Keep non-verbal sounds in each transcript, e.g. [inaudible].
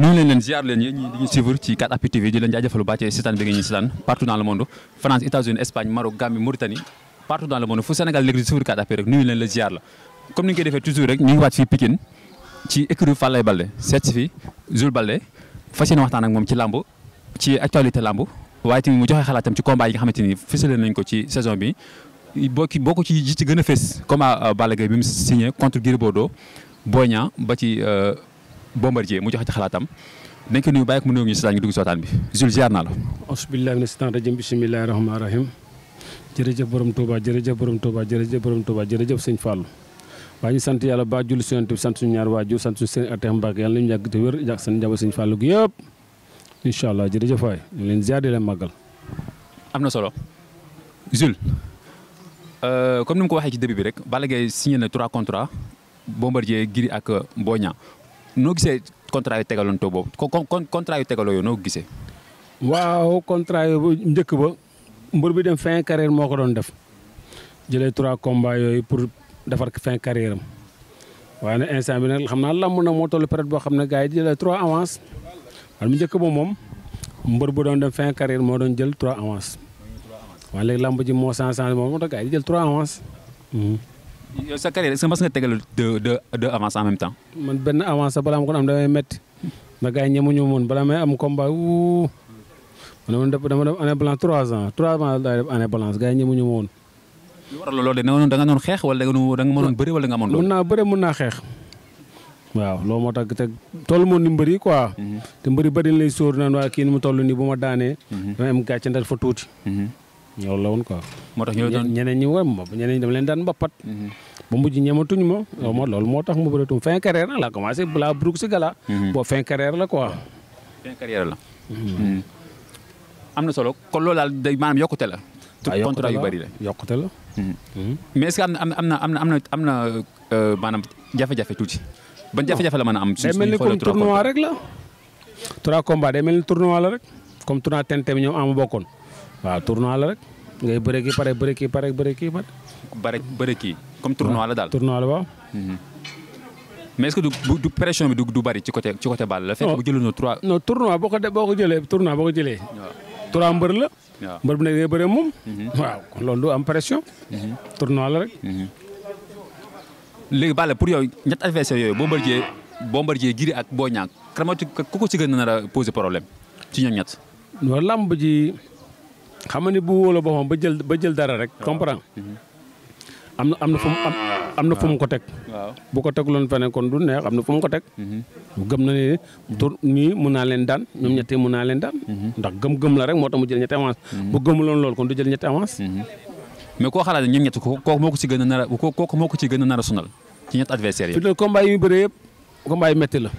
nuyu leen leen ziar leen yéen ñi di ñu suivre ci 4appuis TV di leen jaajëfal bu ci seetaan bi ngeen ñu seetaan partout dans le monde France États-Unis Espagne Maroc Gambie Mauritanie partout dans le monde fu Sénégal nekk di suivre 4appuis rek nuyu leen la ziar la comme ni ñu koy defee toujours rek ñu ngi waat fii Pikine ci écurie Falaye Baldé seet si fii Jules Baldé fas yéene waxtaan ak moom ci làmb ci actualité làmb waaye tamit mu joxe xalaatam ci combat yi nga xamante ni fësale nañ ko ci saison bi boo ci boo ko ci ci gën a fës combat euh, Balla Bombardier mu joxe ci xalaatam dañ ko nuyu bàyyi ko mu nuyu ñu si ñu dugg bi Jules ziar naa la. asbillahi mina seytaan rajim bismillahi rahmaani rahim jërëjëf borom Touba jërëjëf borom Touba jërëjëf borom Touba jërëjëf sëñ Fallou waa ñu sant yàlla ba julli si bi sant suñu ñaar waajur sant suñu seen atteex Mbàkke yàlla nañu yàgg te wér yàgg seen njaboot sëñ Fallou gi yëpp incha allah jërëjëf waay ñu leen ziar di leen màggal. am na solo Jules euh, comme ni mu ko waxee ci début bi rek Balla si signé na trois contrats Bombardier Gris ak Boy Niang noo gisee contrat yu tegalantoo boobu con contrat yu tegaloo yooyu noo gisee. waaw contrat yu njëkk ba mbër bi dem fin carrière moo ko doon def jëlee trois combats yooyu pour defar fin carrière am waaye nag bi nag xam naa lamb nag moo toll période boo xam ne gars yi jëlee trois avance waaye mu njëkk ba moom mbër bu doon dem fin carrière moo doon jël trois avance waaye léegi lamb ji moo sens moo tax gars jël trois avance. Hmm. yow sa carrière est ce que mas nga tegal deux deux deux avance en même man benn avance balaa ma ko am damay métti ndax gars yi ñemuñu woon balaa may am combat wuu man dama def année blanche trois ans trois ans daay def année blanche gars yi de da nga doon xeex wala da nga bëri wala nga amoon loolu. naa bëri mën naa xeex. waaw loolu moo tax te toll moo ni mbëri quoi. Mhm. te mbëri bëri lay sóor naan waa kii ni mu toll nii bu ma daanee. Mhm. dana am gàcce ndax fa tuuti. Mhm. ñëw la woon quoi. moo tax ñeneen ñi woo ma ñeneen ñi dem leen daan mbappat. Mhm. ba mujj ñematuñ ma. ma loolu moo tax mu bëreetum fin carrière la commencé balaa brouk si gala. Mhm. boo la quoi. fin la. Mhm. am na solo kon loolu daal day yokkute la. ah contrat yu bëri la yokkute la. am na am na am na am na am na euh, maanaam jafe tuuti. ban jafe-jafe am. suñu xoolee la. trois combats day mel ni tournoi la rek comme tournoi TNT bi ñoom amu bokkoon. waaw tournoi la rek ngay bëre kii pare bëre kii pare bëre kii pare. bare bëre kii comme tournoi la daal tournoi la waaw. Mhm. mais est que du du pression bi du du bari ci côté ci côté Balla la. fekk bu jëloon trois. non tournoi boo ko de boo ko jëlee tournoi boo ko jëlee. trois mbër la. waaw mbër bu nekk mhm. waaw kon loolu du am pression. Mhm. tournoi la rek. léegi Balla pour yow ñett adversaire yooyu Bombardier Bombardier Gris ak Boy Niang ku ko ci gën a nar a problème ci ñoom ñett. non lamb ji. xam nga ni bu wóoloo boppam ba jël ba jël dara rek. comprendre mhm. am na am na fu mu am am na fu mu ko teg. bu ko tegloon feneen kon du neex am na fu mu ko teg. Mhm. gëm na ne tur nii mun naa leen daan ñoom mhm. ñetti mun naa leen daan. ndax gëm-gëm la rek moo tax mu jël ñetti avance. bu gëmuloon loolu kon du jël ñetti avance. mais koo xalaatee ñoom ñett kooku moo ko ci gën a nar a kooku moo ko ci gën a nar a sonal ci ñett adversaire yi. fii combat yi muy bëree yëpp combat yi métti la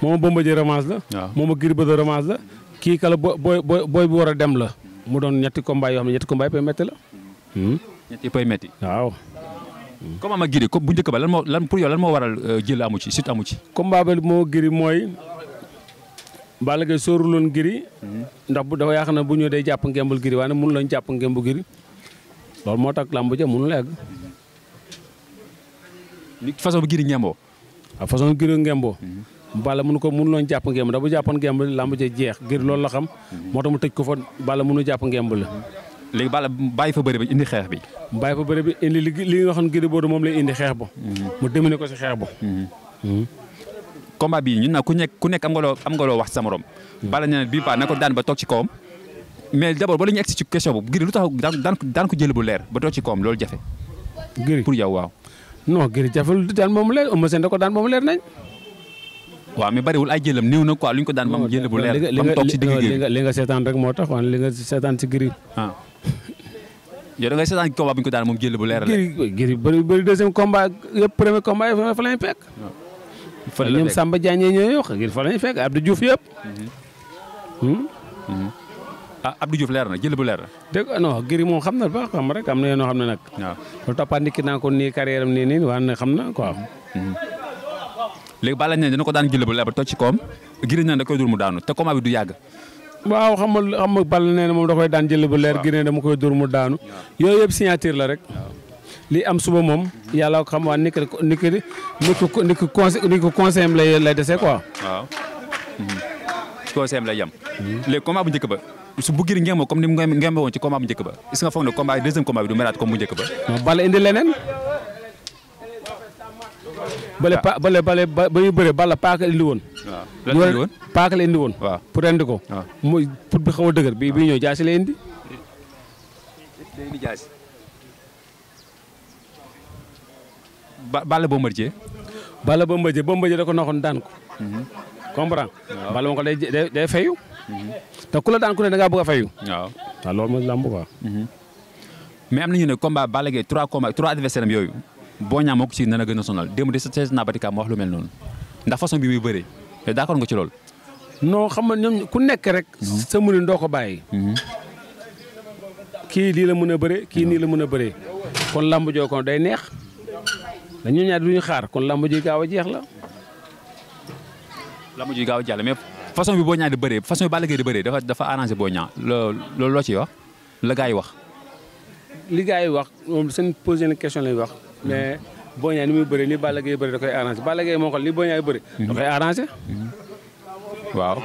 moom Bombardier revanche la. moo moom Gris Bordeaux revanche la kii kala booy booy booy bu war a dem la mu doon ñetti combat yoo xam ne ñetti combat yëpp ay la. Hmm? waaw. Hmm. bu njëkk ba lan moo lan pour yow moo waral euh, jël amu ci sut amu ci. combat ba moo giri mooy. Balla Gaye sóoruloon giri. Hmm. ndax bu dafa yaakaar ne bu ñëwee day jàpp ngembul giri waaye nag lañ jàpp ngembu giri. loolu moo tax làmb ja mënu la egg. façon bi giri ngemboo. façon giri ngemboo. Ah, Balla mënu ko mënu loon jàpp ngemb da bu jàppoon ngemb li làmb jeex ngir loolu la xam mhm. moo tax mu tëj ko fa Balla mënu jàpp ngemb la mhm. léegi Balla bàyyi fa bëri bi indi xeex bi bàyyi fa bëri bi indi li nga xam Gris Bordeaux moom lay indi xeex ba mhm. mu démine ko si xeex ba combat bi ñun nag ku nekk ku nekk am nga loo wax sa morom Balla nee na bii paa na ko daan ba toog ci kawam mais d'abord ba la ñu egsi ci question boobu Gris lu tax daan daan ko jël bu leer ba toog ci kawam loolu jafe Gris pour yow waaw no Gris jafe lu daan moom leer Eumeu ko daan moom leer nañ waaw mais bariwul ay jëlam néew na quoi lu ñu ko daan ba mu jël bu leer ba nga seetaan rek moo tax waaw li nga seetaan si giri ah [laughs] yow da ngay seetaan bu ñu ko daan moom jël bu leer la giri bëri bëri deuxième combat yëpp premier combat yëpp fa lañ fekk ah. fa ñoom Samba Diagne ñooy wax giri mm-hmm. Hmm? Mm-hmm. Ah, jël bu leer na dégg non giri moom xam na baax xam rek am na yoo xam ne nag waaw ah. lu toppaat nit ko nii carrière am nii nii waa ne xam na quoi mm-hmm. léegi Balla Gaye dina ko daan jël ba toj ci koom Gris Bordeaux da koy dur mu daanu te combat bi du yàgg. waaw xam nga xam nga Balla Gaye moom da koy daan jël bu leer Gris Bordeaux da koy dur mu daanu yooyu yëpp signature la rek. li am suba moom yàlla ko xam waa ni que ni que ni que conseil ni que conseil am lay lay dese quoi. waaw mm-hmm. conseil am lay yem. Mm-hmm. léegi combat bu njëkk ba. su bu giri ngéemoo comme ni mu ngéemoo woon ci combat bu njëkk ba. est-ce que nga foog ne combat bu njëkk bale pa bale ba ba ñu bëre paaka indi woon. waaw lan woon paaka la indi woon. waaw pour indi ko. waaw muy pour bi xaw a dëgër bi bi ñëw jaasi la indi. day indi jaasi. ba Balla Bombardier. Balla Bombardier Bombardier da ko naxoon daan ko. Mhm. comprend Balla moom ko day day day fayu. Mhm. te ku la daan ku ne da ngaa bëgg a fayu. waaw loolu mooy lamb quoi. Mhm. mais am na ñu ne combat Balla Gaye trois combat trois adversaires am yooyu. boo ñaa moo ko ci nana gën a sonal démb de sa sees naa Batikaam wax lu mel noonu ndax façon bi muy bëree te d'accord nga ci loolu. noo xam nga ñoom ku nekk rek. sa mënin doo ko bàyyi. Mm-hmm. kii lii la mën a bëree kii nii la mën a bëree kon làmb joo kon day neex dañu ñaar duñu xaar kon làmb ji gaaw a jeex la. làmb ji gaaw a jeex la mais façon bi boo ñaa di bëree façon bi Balla Gaye di bëree dafa dafa arrangé boo ñaa loolu loo ciy wax la gaa yi wax. li yi wax moom seen posé na question lay wax mais Boy Niang ni muy bëri ni Balla Gaye bëri da koy arrangé Balla Gaye moo xool ni Boy Niang bëri. da koy arrangé. waaw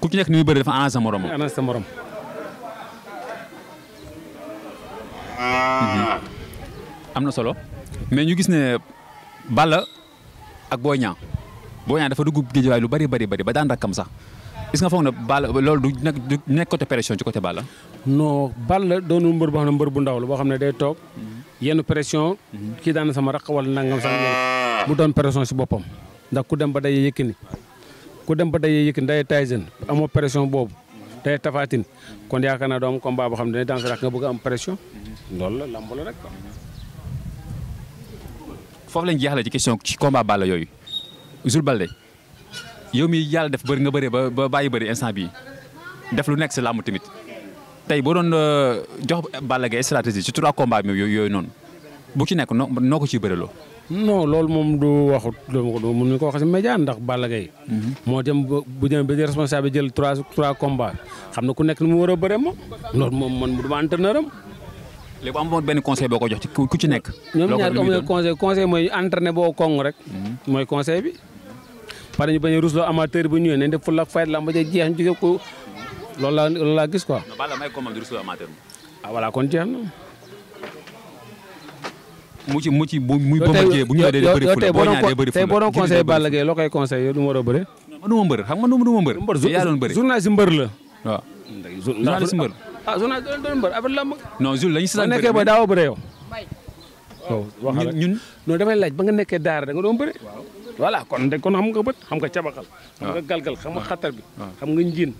ku ci nekk ni muy bëri dafa arrangé sa morom. arrangé sa morom. Mhm. am na solo mais ñu gis ne Balla ak Boy Niang Boy Niang dafa dugg géej waay lu bari bari bari ba daan rakkam sax gis nga foog ne Balla loolu du nekk du nekk côté pression ci côté Balla. bal la doonul mbër boo xam ne mbër bu ndaw la boo xam ne day toog mhm. yenn pression mhm. kii daan sama raq wala nangam sax ah. mu doon pression si boppam ndax ku dem ba day Yékini ku dem ba day Yékini day Tyson amoo pression boobu day tafaatin kon yaakaar naa doo am boo xam ne dans nga bugg am pression mhm. loolu la lamb la rek foofu lañ jeexalee ci question ci combat Balla yooyu Jules Baldé yow mi yàlla def bëri nga bëree ba bàyyi bëri instant bii def lu nekk si làmb tamit tey boo doon euh, jox Balla Gaye stratégie ci trois combats bi yooyu noonu bu ci nekk noo ko ciy bëreloo. non loolu moom du waxut dama ko du mun ñu ko mhm. moo dem bu jëm ba responsable bi jël trois trois combats xam na mu war a bëree moom loolu ma entraîneur am. léegi am benn conseil boo ko jox ci ku ci nekk. ñoom ñaar amuñu conseil conseil mooy entraîné boo kong rek. Mhm. mooy conseil bi. pare ñu bañ a rusloo amateur bu ñëwee nañ def fula la am ba jeex ñu jóge loolu laa loolu laa gis quoi. non Balla may combat ah, kon jeex na. mu ci bu muy Bombardier bu boo ñaaree bëri fula tey boo doon conseil Balla Gaye loo koy conseil yow du ma a bëri. du ma mbër xam nga du ma mbër. yaa doon la. a journaliste mbër. ah journaliste doon mbër affaire lamb. non Jules lañu si daan bëri ba nekkee daawoo bëri yow. Oh, waaw ñun ñun. damay laaj ba nga nekkee daara da nga doon voilà kon de kon xam nga bët xam nga cabaxal xam nga ah. galgal xam nga ah. xatar bi ah. xam nga njiin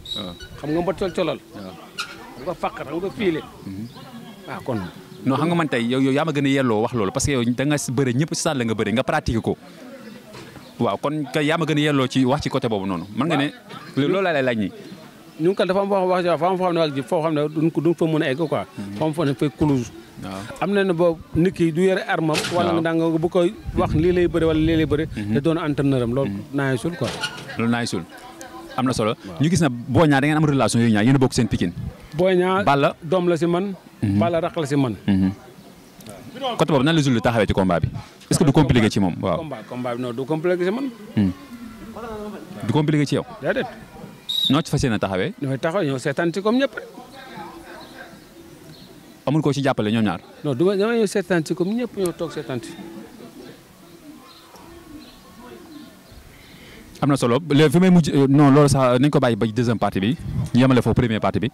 xam nga mba colcolal xam nga mhm. kon non xam nga man tey yow yow yaa ma gën a yelloo wax loolu parce que yow da nga bëri ñëpp si la nga bëri nga pratiqué ko waaw kon kay yaa ma gën a yelloo ci wax ci côté boobu noonu mën nga ne loolu laa ñu kal dafa am foo wax dafa am foo xam wax ji foo xam ne duñ ko duñ a egg quoi hmm. foo am foo ne fay close am na du yore armam wala nga nga bu koy wax lii lay bëri wala lii lay bëri hmm. doon entraîneur am loolu hmm. naay sul quoi loolu naay sul am na solo ñu gis na Boy Niang da ngeen relation yooyu ñaar yéen a bokk seen Pikine Boy Niang doom la man Balla raq la si man côté boobu nan la Jules taxawee ci combat bi est-ce que ci moom waaw combat combat bi non du compliqué ci man du compliqué ci yow noo ci fas yéene taxawee. ñooy taxaw ñoo seetaan ci comme ñëpp rek. amul koo ci jàppale ñoo ñaar. non du ma dama ñëw seetaan ñëpp ñoo toog seetaan ci. am na solo le fi may mujj eh, non loolu sax nañ ko bàyyi ba deuxième partie bi ñu yemale foofu première partie bi.